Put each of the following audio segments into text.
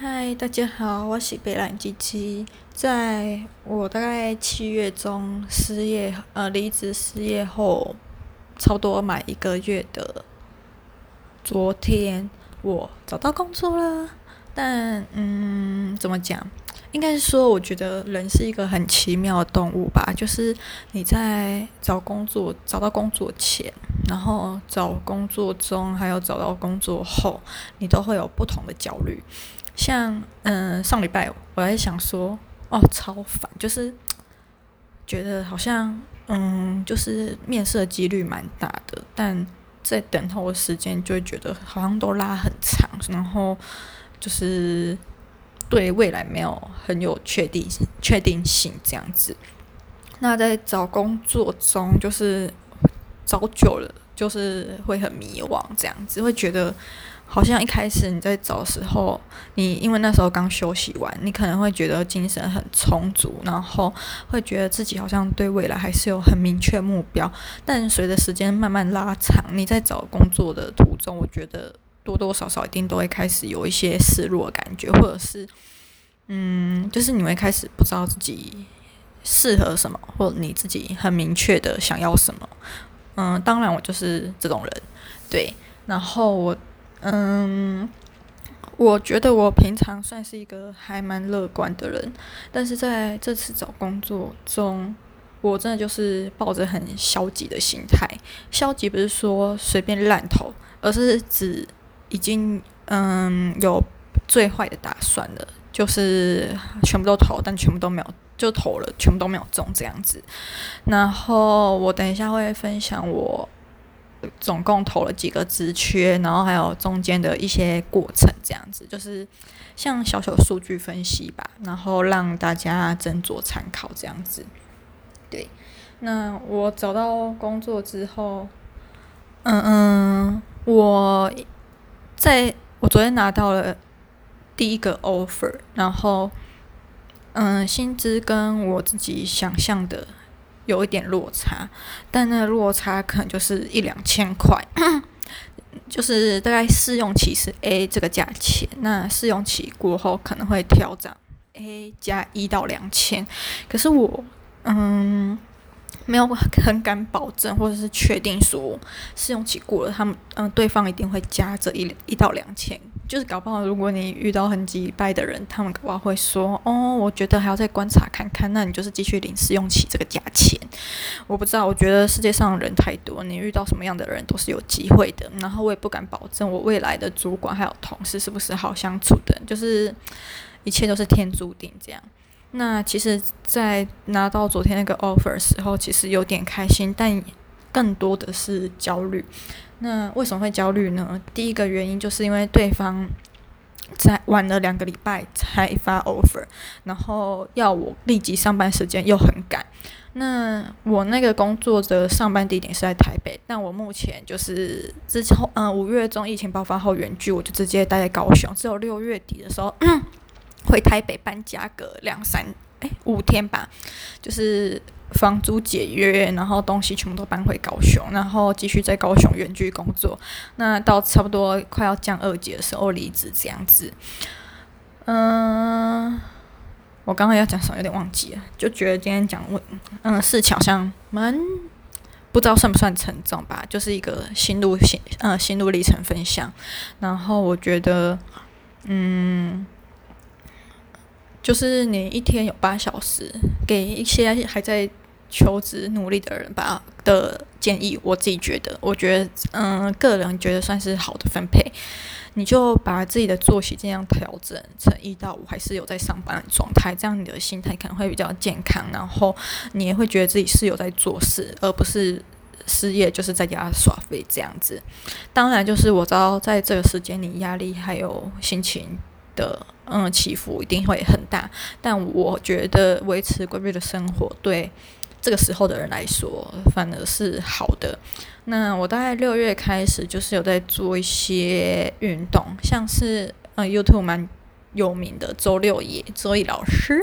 嗨，大家好，我是北蘭姐姐。在我大概七月中失業，呃，離職失業後，差不多滿一個月的昨天，我找到工作了，但嗯，怎麼講？應該是說，我覺得人是一個很奇妙的動物吧。就是你在找工作、找到工作前，然後找工作中，還有找到工作後，你都會有不同的焦慮。像嗯、呃，上禮拜我還想說，哦，超煩，就是覺得好像嗯，就是面試的幾率蠻大的，但在等候的時間就會覺得好像都拉很長，然後就是對未來沒有很有確定確定性這樣子。那在找工作中，就是找久了，就是會很迷惘這樣子，會覺得。好像一開始你在找時候，你因為那時候剛休息完，你可能會覺得精神很充足，然後會覺得自己好像對未來還是有很明確目標。但隨着時間慢慢拉長，你在找工作的途中，我覺得多多少少一定都會開始有一些失落的感覺，或者是嗯，就是你會開始不知道自己適合什麼，或者你自己很明確的想要什麼。嗯，當然我就是這種人，對，然後我。嗯，我覺得我平常算是一個還蠻樂觀的人，但是在這次找工作中，我真的就是抱着很消極的心態。消極不是說隨便亂投，而是指已經嗯有最壞的打算了，就是全部都投，但全部都沒有就投了，全部都沒有中這樣子。然後我等一下會分享我。總共投了幾個職缺，然後還有中間的一些過程，這樣子就是像小小數據分析吧，然後讓大家斟酌參考這樣子。對，那我找到工作之後，嗯嗯，我在我昨天拿到了第一個 offer，然後嗯，薪資跟我自己想象的。有一點落差，但那落差可能就是一兩千塊， 就是大概試用期是 A 這個價錢，那試用期過後可能會調漲 A 加一到兩千，可是我嗯沒有很敢保證或者是確定說，試用期過了他們嗯對方一定會加這一一到兩千。就是搞不好，如果你遇到很雞掰的人，他們可能會說：“哦，我覺得還要再觀察看看。”那你就是繼續領試用期這個價錢。我不知道，我覺得世界上人太多，你遇到什麼樣的人都是有機會的。然後我也不敢保證我未來的主管還有同事是不是好相處的，就是一切都是天注定這樣。那其實，在拿到昨天那個 offer 的時候，其實有點開心，但，更多的是焦慮。那為什麼會焦慮呢？第一個原因就是因為對方在晚了兩個禮拜才發 offer，然後要我立即上班時間又很趕。那我那個工作的上班地點是在台北，但我目前就是之前嗯五月中疫情爆發後遠距，我就直接待在高雄，只有六月底的時候，嗯，回台北搬家個兩三誒、欸、五天吧，就是。房租解約，然後東西全部都搬回高雄，然後繼續在高雄遠距工作。那到差不多快要降二級的時候離職，這樣子。嗯、呃，我剛剛要講什麼有點忘記了，就覺得今天講問，嗯，事情好像蠻，不知道算不算沉重吧，就是一個心路心嗯，心路歷程分享。然後我覺得嗯。就是你一天有八小時，給一些還在求職努力的人吧的建議，我自己覺得，我覺得，嗯，個人覺得算是好的分配。你就把自己的作息這樣調整，成一到五還是有在上班的狀態，這樣你的心態可能會比較健康，然後你也會覺得自己是有在做事，而不是失業就是在家耍廢這樣子。當然，就是我知道在這個時間你壓力還有心情。的嗯起伏一定會很大，但我覺得維持規律的生活對這個時候的人來說反而是好的。那我大概六月開始就是有在做一些運動，像是嗯、呃、YouTube 蠻有名的周六野，周易老師，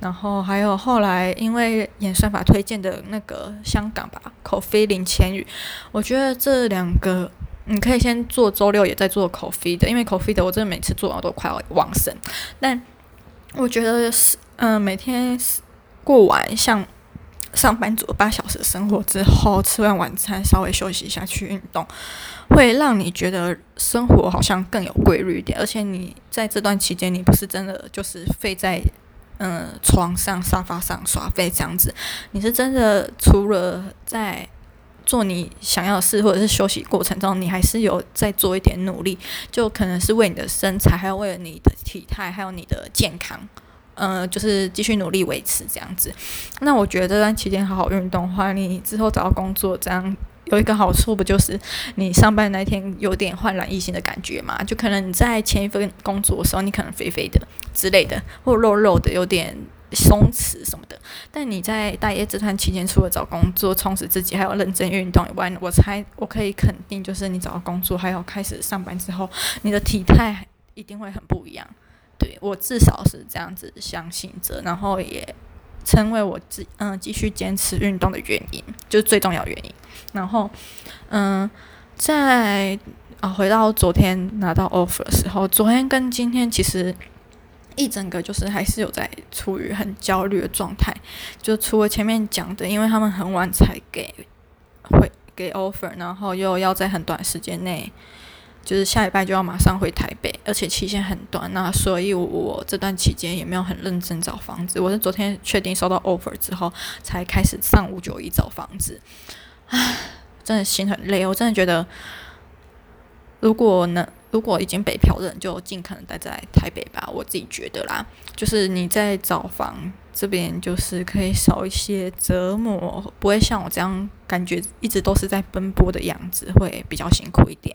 然後還有後來因為演算法推薦的那個香港吧 Coffee 林芊妤，我覺得這兩個。你可以先做周六也在做口 feed 的，因為口 feed 的我真的每次做完都快要往生。但我覺得是，嗯、呃，每天過完像上班族八小時的生活之後，吃完晚餐稍微休息一下去運動，會讓你覺得生活好像更有規律一點。而且你在這段期間，你不是真的就是廢在嗯、呃、床上、沙發上耍廢這樣子，你是真的除了在。做你想要的事，或者是休息過程中，你還是有在做一點努力，就可能是為你的身材，還有為了你的體態，還有你的健康，嗯、呃，就是繼續努力維持這樣子。那我覺得這段期間好好運動的話，你之後找到工作，這樣有一個好處不就是你上班那天有點煥然一新的感覺嘛？就可能你在前一份工作的時候，你可能肥肥的之類的，或肉肉的，有點。鬆弛什麼的，但你在待業這段期間，除了找工作充實自己，還有認真運動以外，我猜我可以肯定，就是你找到工作還有開始上班之後，你的體態一定會很不一樣。對我至少是這樣子相信着，然後也成為我繼嗯、呃、繼續堅持運動的原因，就是最重要原因。然後嗯、呃，在啊回到昨天拿到 offer 的時候，昨天跟今天其實。一整個就是還是有在處於很焦慮的狀態，就除了前面講的，因為他們很晚才給會給 offer，然後又要在很短時間內，就是下禮拜就要馬上回台北，而且期限很短，那所以我這段期間也沒有很認真找房子，我是昨天確定收到 offer 之後才開始上五九一找房子，唉，真的心很累，我真的覺得。如果能，如果已經北漂的人，就儘可能待在台北吧。我自己覺得啦，就是你在找房這邊，就是可以少一些折磨，不會像我這樣感覺一直都是在奔波的樣子，會比較辛苦一點。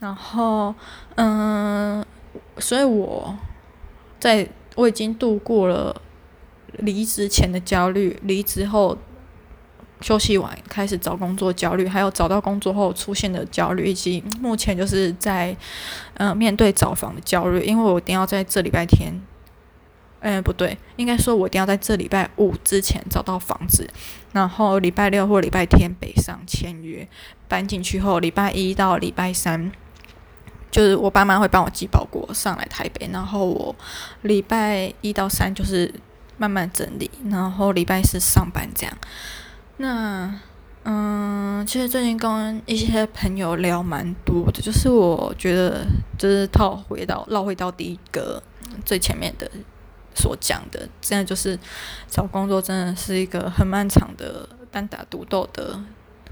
然後，嗯，所以我在我已經度過了離職前的焦慮，離職後。休息完開始找工作焦慮，還有找到工作後出現的焦慮，以及目前就是在嗯、呃、面對找房的焦慮，因為我一定要在這禮拜天，嗯、呃、不對，應該說我一定要在這禮拜五之前找到房子，然後禮拜六或禮拜天北上簽約，搬進去後禮拜一到禮拜三，就是我爸媽會幫我寄包裹上來台北，然後我禮拜一到三就是慢慢整理，然後禮拜四上班這樣。那，嗯，其實最近跟一些朋友聊蠻多的，就是我覺得，就是套回到繞回到第一個最前面的所講的，這樣就是找工作真的是一個很漫長的單打獨鬥的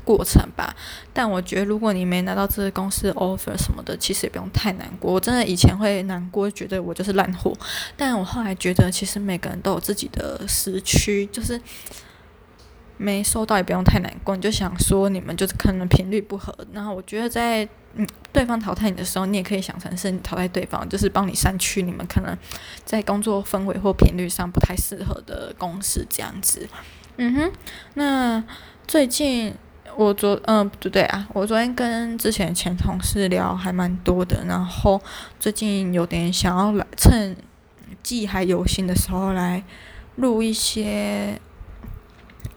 過程吧。但我覺得，如果你沒拿到這個公司 offer 什麼的，其實也不用太難過。我真的以前會難過，覺得我就是爛貨，但我後來覺得，其實每個人都有自己的時區，就是。沒收到也不用太難過，你就想說你們就是可能頻率不合。然後我覺得在嗯對方淘汰你的時候，你也可以想成是你淘汰對方，就是幫你刪去你們可能在工作氛圍或頻率上不太適合的公司。這樣子。嗯哼，那最近我昨嗯不對啊，我昨天跟之前前同事聊還蠻多的，然後最近有點想要來趁記憶還有新的時候來錄一些。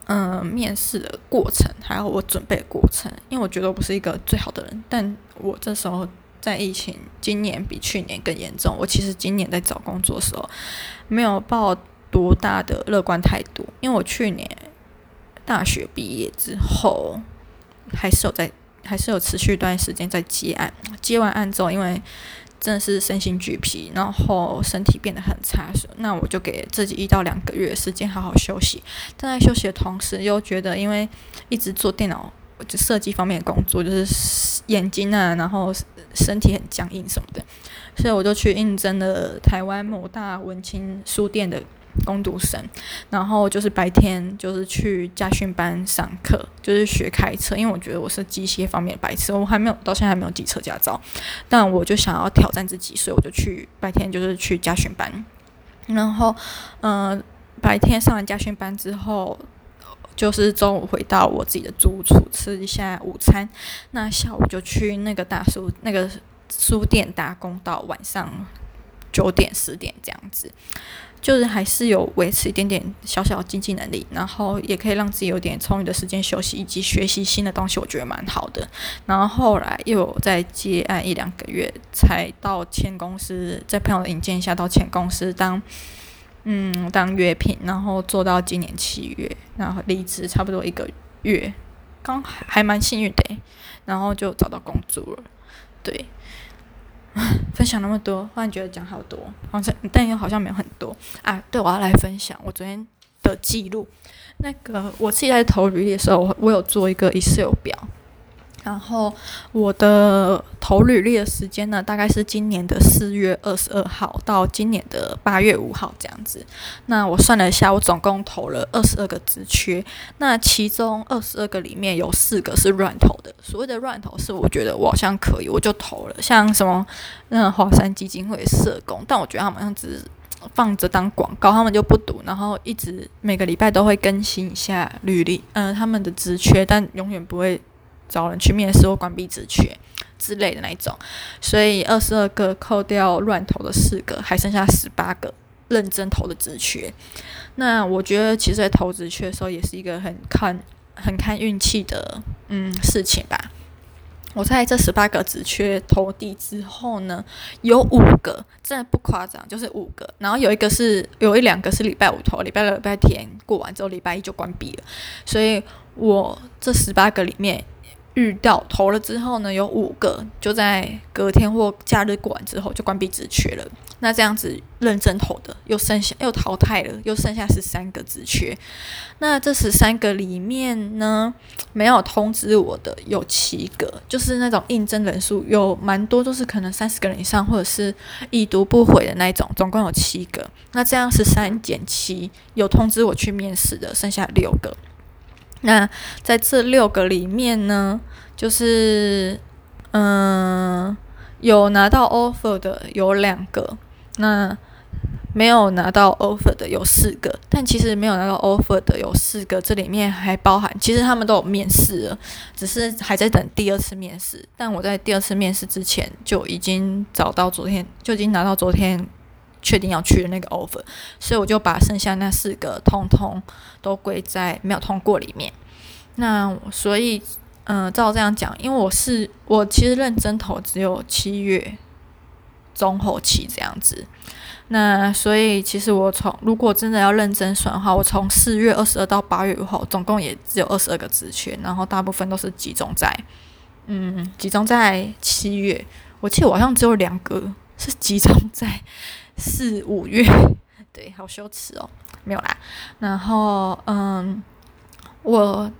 嗯，面試的過程，還有我準備過程，因為我覺得我不是一個最好的人，但我這時候在疫情，今年比去年更嚴重。我其實今年在找工作的時候，沒有抱多大的樂觀態度，因為我去年大學畢業之後，還是有在，還是有持續一段時間在接案，接完案之後，因為。真的是身心俱疲，然後身體變得很差，那我就給自己一到兩個月時間好好休息。但在休息的同時，又覺得因為一直做電腦就設計方面的工作，就是眼睛啊，然後身體很僵硬什麼的，所以我就去應徵了台灣某大文青書店的。工讀生，然後就是白天就是去駕訓班上課，就是學開車，因為我覺得我是機械方面白痴，我還沒有到現在還沒有機車駕照，但我就想要挑戰自己，所以我就去白天就是去駕訓班，然後嗯、呃，白天上完駕訓班之後，就是中午回到我自己的住處吃一下午餐，那下午就去那個大叔那個書店打工到晚上九點十點這樣子。就是還是有維持一點點小小的經濟能力，然後也可以讓自己有點充裕的時間休息以及學習新的東西，我覺得蠻好的。然後後來又再接案一兩個月，才到簽公司，在朋友的引薦下到簽公司當，嗯，當約聘，然後做到今年七月，然後離職差不多一個月，剛還蠻幸運的。然後就找到工作了，對。分享那麼多，忽然覺得講好多，好像但又好像沒有很多啊。對，我要來分享我昨天的記錄。那個，我自己在投履歷的時候，我我有做一個 Excel 表。然後我的投履歷的時間呢，大概是今年的四月二十二號到今年的八月五號這樣子。那我算了一下，我總共投了二十二個職缺。那其中二十二個裡面有四個是亂投的，所謂的亂投是我覺得我好像可以，我就投了，像什麼那個、華山基金會、社工，但我覺得他們好像只放着當廣告，他們就不讀，然後一直每個禮拜都會更新一下履歷，嗯、呃、他們的職缺，但永遠不會找人去面試或關閉職缺之類的那一種，所以二十二個扣掉亂投的四個，還剩下十八個認真投的職缺。那我覺得其實在投職缺的時候也是一個很看很看運氣的嗯事情吧。我在這十八個職缺投遞之後呢，有五個真的不誇張，就是五個。然後有一個是有一兩個是禮拜五投，禮拜六、禮拜天過完之後，禮拜一就關閉了。所以我這十八個裡面。遇到投了之後呢，有五個就在隔天或假日過完之後就關閉職缺了。那這樣子認真投的又剩下又淘汰了，又剩下十三個職缺。那這十三個裡面呢，沒有通知我的有七個，就是那種應徵人數有蠻多，都是可能三十個人以上或者是已讀不回的那種，總共有七個。那這樣十三減七，有通知我去面試的剩下六個。那在這六個裡面呢，就是嗯，有拿到 offer 的有兩個，那沒有拿到 offer 的有四個。但其實沒有拿到 offer 的有四個，這裡面還包含其實他們都有面試，只是還在等第二次面試。但我在第二次面試之前就已經找到昨天，就已經拿到昨天。確定要去的那個 offer，所以我就把剩下那四個通通都歸在沒有通過裡面。那所以，嗯、呃，照這樣講，因為我是我其實認真投只有七月中後期這樣子。那所以，其實我從如果真的要認真算的話，我從四月二十二到八月五號，總共也只有二十二個職缺，然後大部分都是集中在，嗯，集中在七月。我記得我好像只有兩個是集中在。四五月， 對，好羞恥哦，沒有啦。然後，嗯，我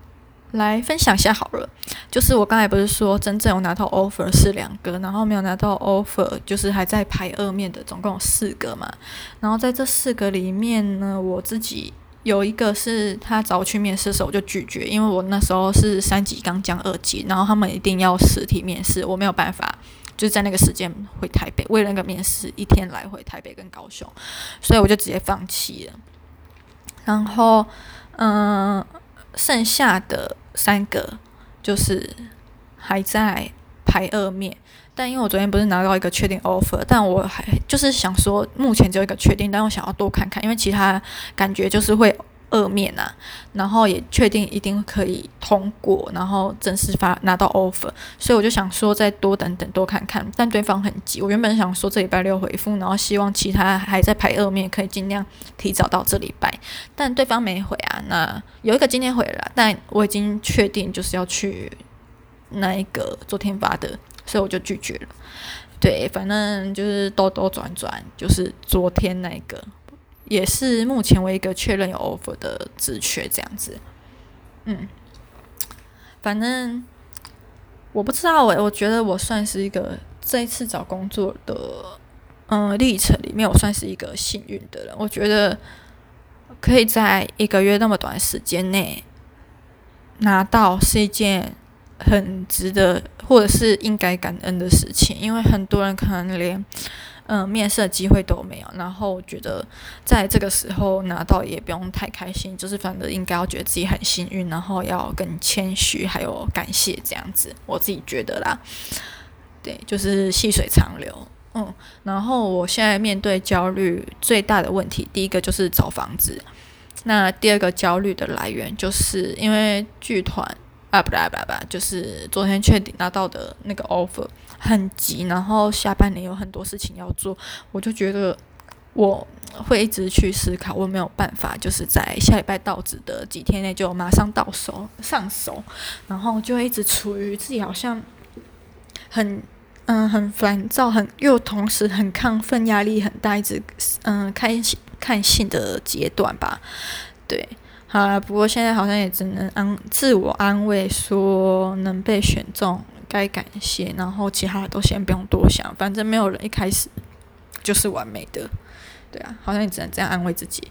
來分享一下好了，就是我剛才不是說真正有拿到 offer 是兩個，然後沒有拿到 offer 就是還在排二面的，總共有四個嘛。然後在這四個裡面呢，我自己有一個是他找我去面試的時候我就拒絕，因為我那時候是三級剛降二級，然後他們一定要實體面試，我沒有辦法。就在那個時間回台北，為了那個面試，一天來回台北跟高雄，所以我就直接放棄了。然後，嗯，剩下的三個就是還在排二面，但因為我昨天不是拿到一個確定 offer，但我還就是想說，目前只有一個確定，但我想要多看看，因為其他感覺就是會。二面啊，然後也確定一定可以通過，然後正式發拿到 offer，所以我就想說再多等等多看看，但對方很急。我原本想說這禮拜六回復，然後希望其他還在排二面可以盡量提早到這禮拜，但對方沒回啊。那有一個今天回了，但我已經確定就是要去那一個昨天發的，所以我就拒絕了。對，反正就是兜兜轉轉，就是昨天那一個。也是目前唯一一個確認有 offer 的職缺這樣子，嗯，反正我不知道我、欸、我覺得我算是一個，這一次找工作的嗯歷程裡面，我算是一個幸運的人。我覺得可以在一個月那麼短的時間內拿到是一件很值得，或者是應該感恩的事情，因為很多人可能連。嗯，面試的機會都沒有，然後我覺得在這個時候拿到也不用太開心，就是反正應該要覺得自己很幸運，然後要更謙虛，還有感謝這樣子，我自己覺得啦。對，就是細水長流。嗯，然後我現在面對焦慮最大的問題，第一個就是找房子，那第二個焦慮的來源就是因為劇團啊，不啦不啦不啦，就是昨天確定拿到的那個 offer。很急，然後下半年有很多事情要做，我就覺得我會一直去思考，我沒有辦法就是在下禮拜到職的幾天內就馬上到手上手，然後就會一直處於自己好像很嗯很煩躁，很又同時很亢奮，壓力很大，一直嗯開心看新的階段吧。對，好了，不過現在好像也只能安自我安慰說能被選中。該感謝，然後其他的都先不用多想，反正沒有人一開始就是完美的，對啊，好像你只能這樣安慰自己。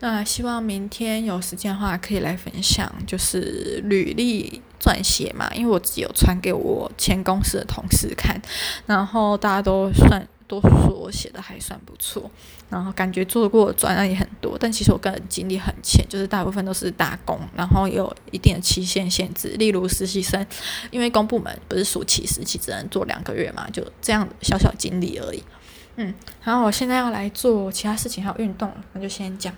那希望明天有時間的話，可以來分享，就是履歷撰寫嘛，因為我自己有傳給我前公司的同事看，然後大家都算。都說我寫的還算不錯，然後感覺做過專案也很多，但其實我個人經歷很淺，就是大部分都是打工，然後也有一定的期限限制，例如實習生，因為公部門不是暑期實習只能做兩個月嘛，就這樣小小經歷而已。嗯，然後我現在要來做其他事情，還有運動，那就先講。